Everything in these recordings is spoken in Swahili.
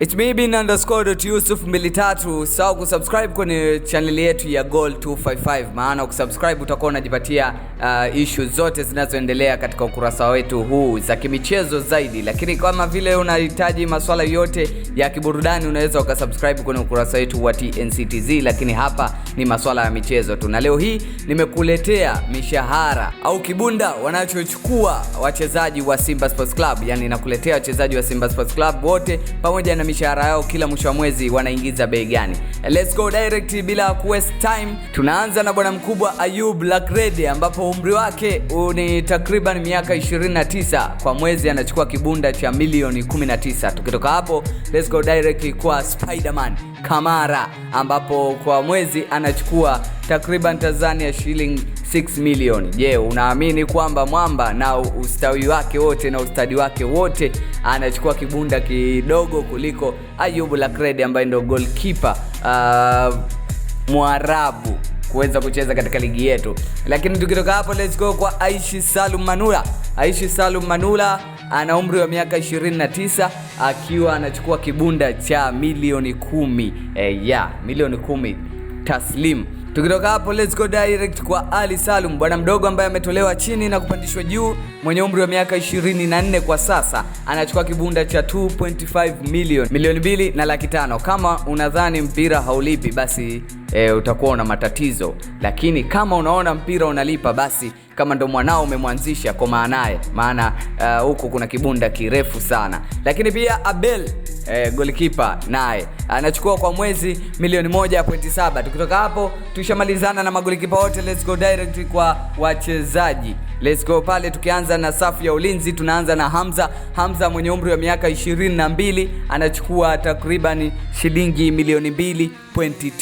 It's me bin underscore Yusuf 23 tatu. Sawa kusubscribe kwenye chaneli yetu ya Goal 255 maana ukisubscribe utakuwa unajipatia uh, issue zote zinazoendelea katika ukurasa wetu huu za kimichezo zaidi, lakini kama vile unahitaji maswala yote ya kiburudani unaweza ukasubscribe kwenye ukurasa wetu wa TNCTZ, lakini hapa ni masuala ya michezo tu, na leo hii nimekuletea mishahara au kibunda wanachochukua wachezaji wa Simba Sports Club. Yani nakuletea wachezaji wa Simba Sports Club wote pamoja na mishahara yao, kila mwisho wa mwezi wanaingiza bei gani. Let's go direct bila waste time, tunaanza na bwana mkubwa Ayub Lakredi, ambapo umri wake ni takriban miaka 29 kwa mwezi anachukua kibunda cha milioni 19. Tukitoka hapo, let's go direct kwa Spiderman Kamara ambapo kwa mwezi anachukua takriban Tanzania shilling 6 million Je, unaamini kwamba mwamba na ustawi wake wote na ustadi wake wote anachukua kibunda kidogo kuliko Ayubu Lakredi ambaye ndo goalkeeper uh, Mwarabu kuweza kucheza katika ligi yetu. Lakini tukitoka hapo, let's go kwa Aishi Salum Manula. Aishi Salum Manula ana umri wa miaka 29 akiwa anachukua kibunda cha milioni kumi. Eh, yeah, milioni kumi taslim. Tukitoka hapo let's go direct kwa Ali Salum, bwana mdogo ambaye ametolewa chini na kupandishwa juu, mwenye umri wa miaka 24 kwa sasa, anachukua kibunda cha 2.5 million, milioni mbili na laki tano. Kama unadhani mpira haulipi basi e, utakuwa una matatizo, lakini kama unaona mpira unalipa, basi kama ndo mwanao umemwanzisha kwa maanaye, maana e, huku uh, kuna kibunda kirefu sana. Lakini pia Abel e, golikipa naye anachukua kwa mwezi milioni 1.7. Tukitoka hapo tushamalizana na magolikipa wote, let's go direct kwa wachezaji. Let's go pale, tukianza na safu ya ulinzi tunaanza na Hamza. Hamza mwenye umri wa miaka 22 anachukua takriban shilingi milioni mbili pointi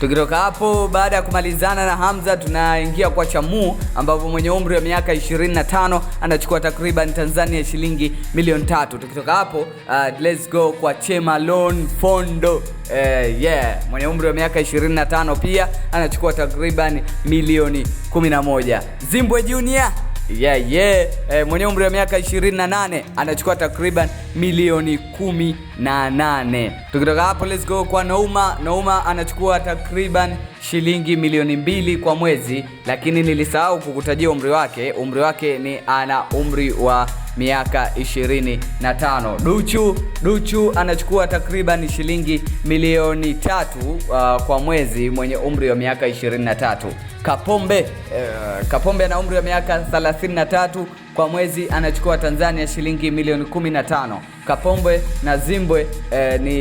Tukitoka hapo baada ya kumalizana na Hamza tunaingia kwa Chamu ambapo mwenye umri wa miaka 25 anachukua takriban Tanzania shilingi milioni tatu. Tukitoka hapo uh, let's go kwa Chemalon Fondo. Uh, yeah, mwenye umri wa miaka 25 pia anachukua takriban milioni 11. Zimbwe Junior yeah, yeah. E, mwenye umri wa miaka 28 anachukua takriban milioni 18. Tukitoka hapo let's go kwa Nouma. Nouma anachukua takriban shilingi milioni mbili kwa mwezi, lakini nilisahau kukutajia umri wake. Umri wake ni ana umri wa miaka 25. Duchu Duchu anachukua takriban shilingi milioni tatu uh, kwa mwezi mwenye umri wa miaka 23. Kapombe uh, Kapombe ana umri wa miaka 33 kwa mwezi anachukua Tanzania shilingi milioni 15. Kapombwe na Zimbwe eh, ni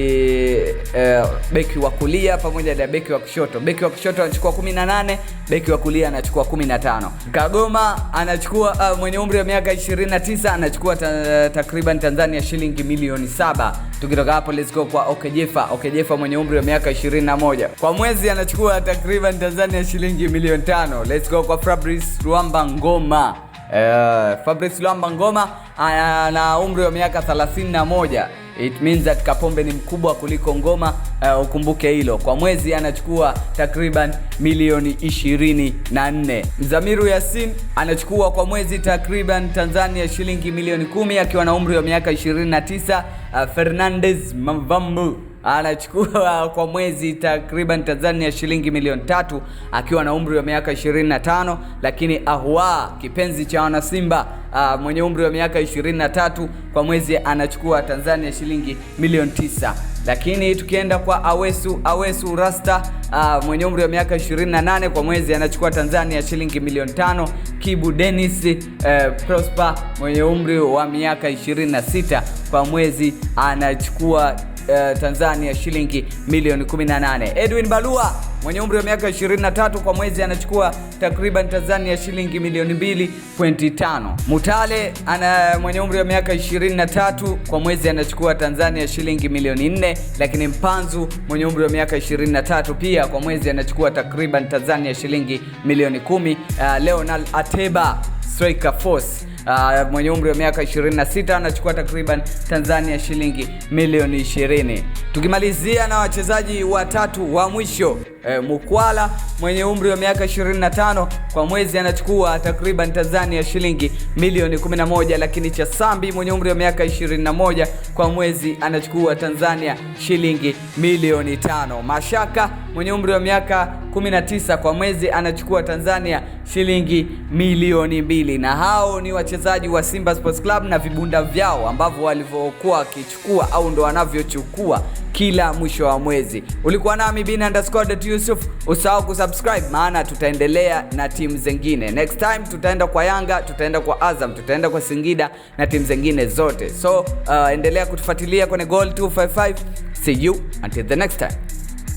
eh, beki wa kulia pamoja na beki wa kushoto. Beki wa kushoto anachukua 18, beki wa kulia anachukua 15. Kagoma anachukua uh, mwenye umri wa miaka 29 anachukua ta, takriban Tanzania shilingi milioni saba. Tukitoka hapo let's go kwa Okejefa. Okejefa mwenye umri wa miaka 21 kwa mwezi anachukua takriban Tanzania shilingi milioni tano. Let's go kwa Fabrice Luamba Ngoma. Uh, Fabrice Luamba Ngoma ana umri wa miaka 31. It means that Kapombe ni mkubwa kuliko Ngoma. Uh, ukumbuke hilo. Kwa mwezi anachukua takriban milioni 24. Mzamiru Yasin anachukua kwa mwezi takriban Tanzania shilingi milioni kumi akiwa na umri wa miaka 29. Uh, eh, Fernandez Mavambu anachukua kwa mwezi takriban Tanzania shilingi milioni tatu akiwa na umri wa miaka 25, lakini Ahoua kipenzi cha wanasimba Uh, mwenye umri wa miaka 23 kwa mwezi anachukua Tanzania shilingi milioni 9. Lakini tukienda kwa Awesu Awesu Rasta uh, mwenye umri wa miaka 28 kwa mwezi anachukua Tanzania shilingi milioni tano. Kibu Dennis uh, Prosper mwenye umri wa miaka 26 kwa mwezi anachukua Eh, Tanzania shilingi milioni 18. Edwin Balua mwenye umri wa miaka 23 kwa mwezi anachukua takriban Tanzania shilingi milioni 2.5. Mutale ana mwenye umri wa miaka 23 kwa mwezi anachukua Tanzania shilingi milioni 4, lakini Mpanzu mwenye umri wa miaka 23 pia kwa mwezi anachukua takriban Tanzania shilingi milioni 10. Uh, ah, Leonard Ateba Striker Force Uh, mwenye umri wa miaka 26 anachukua takriban Tanzania shilingi milioni 20. Tukimalizia na wachezaji watatu wa mwisho e, Mukwala mwenye umri wa miaka 25 kwa mwezi anachukua takriban Tanzania shilingi milioni 11, lakini Chasambi mwenye umri wa miaka 21 kwa mwezi anachukua Tanzania shilingi milioni tano. Mashaka mwenye umri wa miaka 19 kwa mwezi anachukua Tanzania shilingi milioni mbili, na hao ni wachezaji wa Simba Sports Club na vibunda vyao ambavyo walivyokuwa wakichukua au ndo wanavyochukua kila mwisho wa mwezi. Ulikuwa nami bin underscore Yusuf, usahau kusubscribe, maana tutaendelea na timu zingine. Next time tutaenda kwa Yanga, tutaenda kwa Azam, tutaenda kwa Singida na timu zingine zote. So uh, endelea kutufuatilia kwenye Goal 255. See you until the next time.